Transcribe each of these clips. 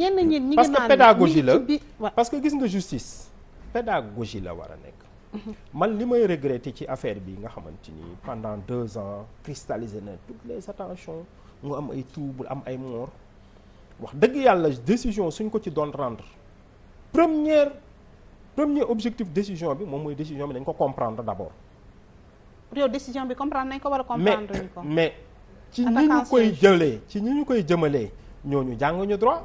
ñenn ñi ñi parce que pédagogie la parce que gis nga justice pédagogie la war a nekk. man li may regretter ci affaire bi nga xamante ni pendant deux ans cristallisé na toutes les attentions mu am ay trouble am ay moor wax dëgg yàlla décision suñ ko ci doon rendre première premier objectif décision bi moom mooy décision bi dañ ko comprendre d'abord. yow décision bi comprendre nañ ko wala comprendre ñu ko mais ci ñi ñu koy jëlee ci ñi ñu koy jëmalee ñooñu jàng droit.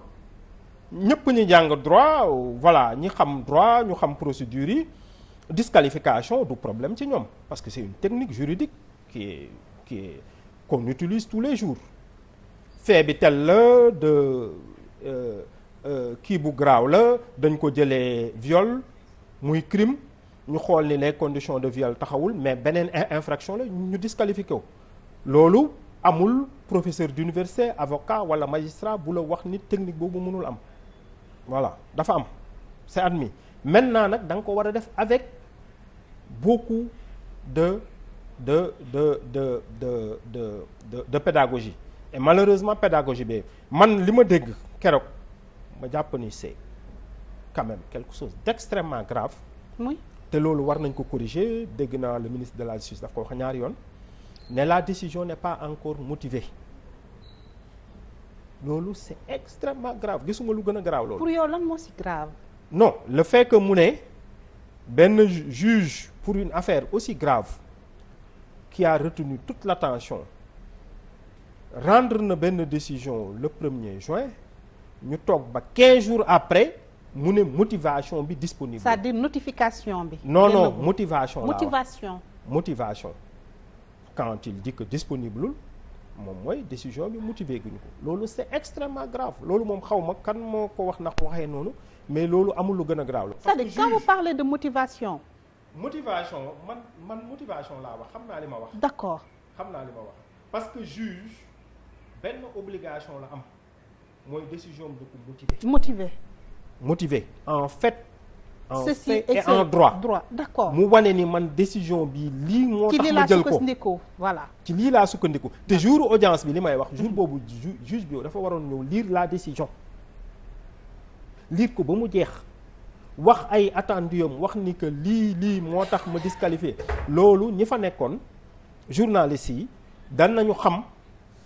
ñëpp ñu jàng droit voilà ñi xam droit ñu xam procédure yi disqualification du problème ci ñoom parce que c'est une technique juridique qui est qui est utilise tous les jours fait bi tel la de euh, euh, kii bu graaw la dañ ko jëlee viol muy crime ñu xool ni les condition de viol taxawul mais beneen infraction la ñu disqualifié ko loolu amul professeur d'université avocat wala magistrat bu la wax ni technique boobu mënul am voilà dafa am c'est admis maintenant nag da nga ko war a def avec beaucoup de de de de de de de de pédagogie et malheureusement pédagogie bi man li ma dégg keroog ma jàpp ni c'est quand même quelque chose d'extrêmement grave. oui te loolu war nañ ko corriger dégg naa le ministre de la justice daf ko wax ñaari yoon ne la décision n'est pas encore motivée. loolu c'est extrêmement grave gisuma lu gën a grave loolu. pour yow lan moo si grave. non le fait que mu ne benn juge pour une affaire aussi grave qui a retenu toute l'attention rendre na benn décision le premier juin ñu toog ba 15 jours après. mu ne motivation bi disponible. cest notification bi. non non motivation. motivation motivation. quand il dit que disponible. moom mooy décision bi motivé guñu ko loolu c'est extrêmement grave loolu moom xaw ma kan moo ko wax nag waxee noonu mais loolu amul lu gën a grave la c'est-à-dire quand vous de motivation motivation man man motivation laa wax xam naa li ma wax d'accord xam naa li ma wax parce que juge benn obligation la am mooy décision bi du ko motiver en fet en fait et en droit droit d'accord mu wane ni man décision bi lii moo tax ma jël ko voilà ci lii laa sukkandiku te ah. jour audience bi li may wax jour boobu juge bi dafa waroon ñëw lire la décision lire ko ba mu jeex wax ay attendu yam wax ni que lii lii moo tax ma disqualifié loolu ñi fa nekkoon journaliste yi ñu xam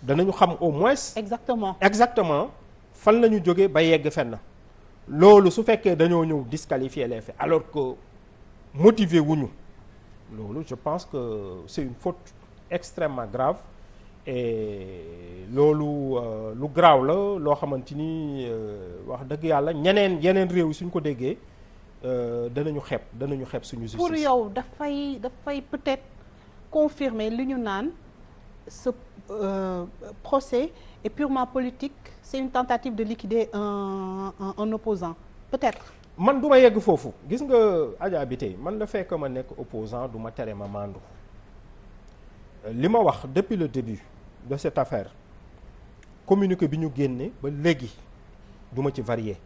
danañu xam au moins exactement exactement fan la ñu jógee ba yegg fenn loolu su fekkee dañoo ñëw disqualifier les fi alors que motiver wuñu loolu je pense que c'est une faute extrêmement grave et loolu euh, lu graaw la loo xamante ni euh, wax dëgg yàlla ñeneen yeneen réew yi suñ ko déggee euh, danañu xeeb danañu xeeb suñu justice pour yow dafay dafay peut-être confirmer li ñu naan ce procès est purement politique c'est une tentative de liquider un un, un opposant peut-être. man du ma yegg foofu gis nga Adja bi tey man la fekk ma nekk opposant du ma tere ma mandu li ma wax depuis le début de cette affaire communiqué bi ñu génnee ba léegi duma ci varier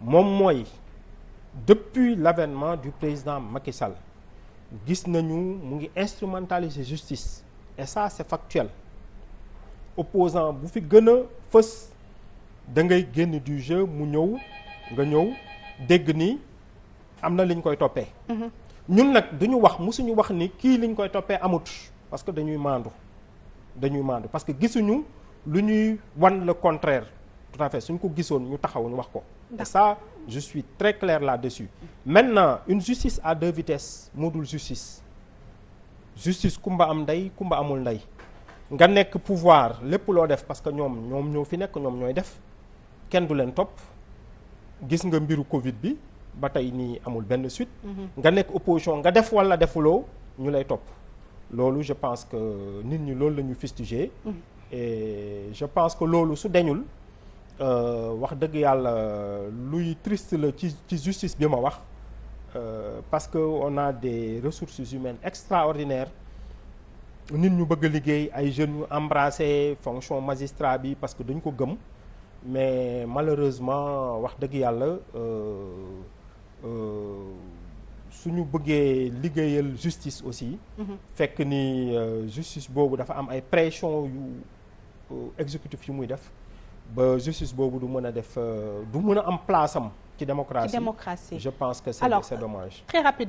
moom mooy depuis l'avènement du président Macky Sall gis nañu mu ngi instrumentaliser justice et ça c'est factuel. opposant bu fi gën a fës da ngay génn du jeu mu ñëw nga ñëw dégg ni am na liñ koy toppee mhm. ñun nag duñu wax musuñu wax ni kii liñ koy toppee amut parce que dañuy maandu dañuy maandu parce que gisuñu lu ñuy wan le contraire tout à suñ ko gisoon ñu taxaw ñu wax ko et ça je suis très clair là-dessus maintenant une justice à deux vitesses moo dul justice justice kumba am ndey kumba amul ndey nga nekk pouvoir lépp loo def parce que ñoom ñoom ñoo fi nekk ñoom ñooy def kenn du leen topp gis nga mbiru Covid bi ba tey nii amul benn suite. Mhm. nga nekk opposition nga def wala defuloo ñu lay topp. loolu je pense que nit ñi loolu la ñu e je pense que loolu su deñul euh, wax dëgg yàlla luy triste la ci ci justice bi ma wax euh, parce que on a des ressources humaines extraordinaires. nit ñu bëgg liggéey ay jeunes yu embrassé fonction magistrat bi parce que dañ ko gëm mais malheureusement wax dëgg yàlla euh, euh, suñu bëggee liggéeyal justice aussi. Mhm. fekk ni euh, justice boobu dafa am ay pression yu exécutif yu muy def ba justice boobu du mën a def du mën am place am ci démocratie. je pense que c'est c'est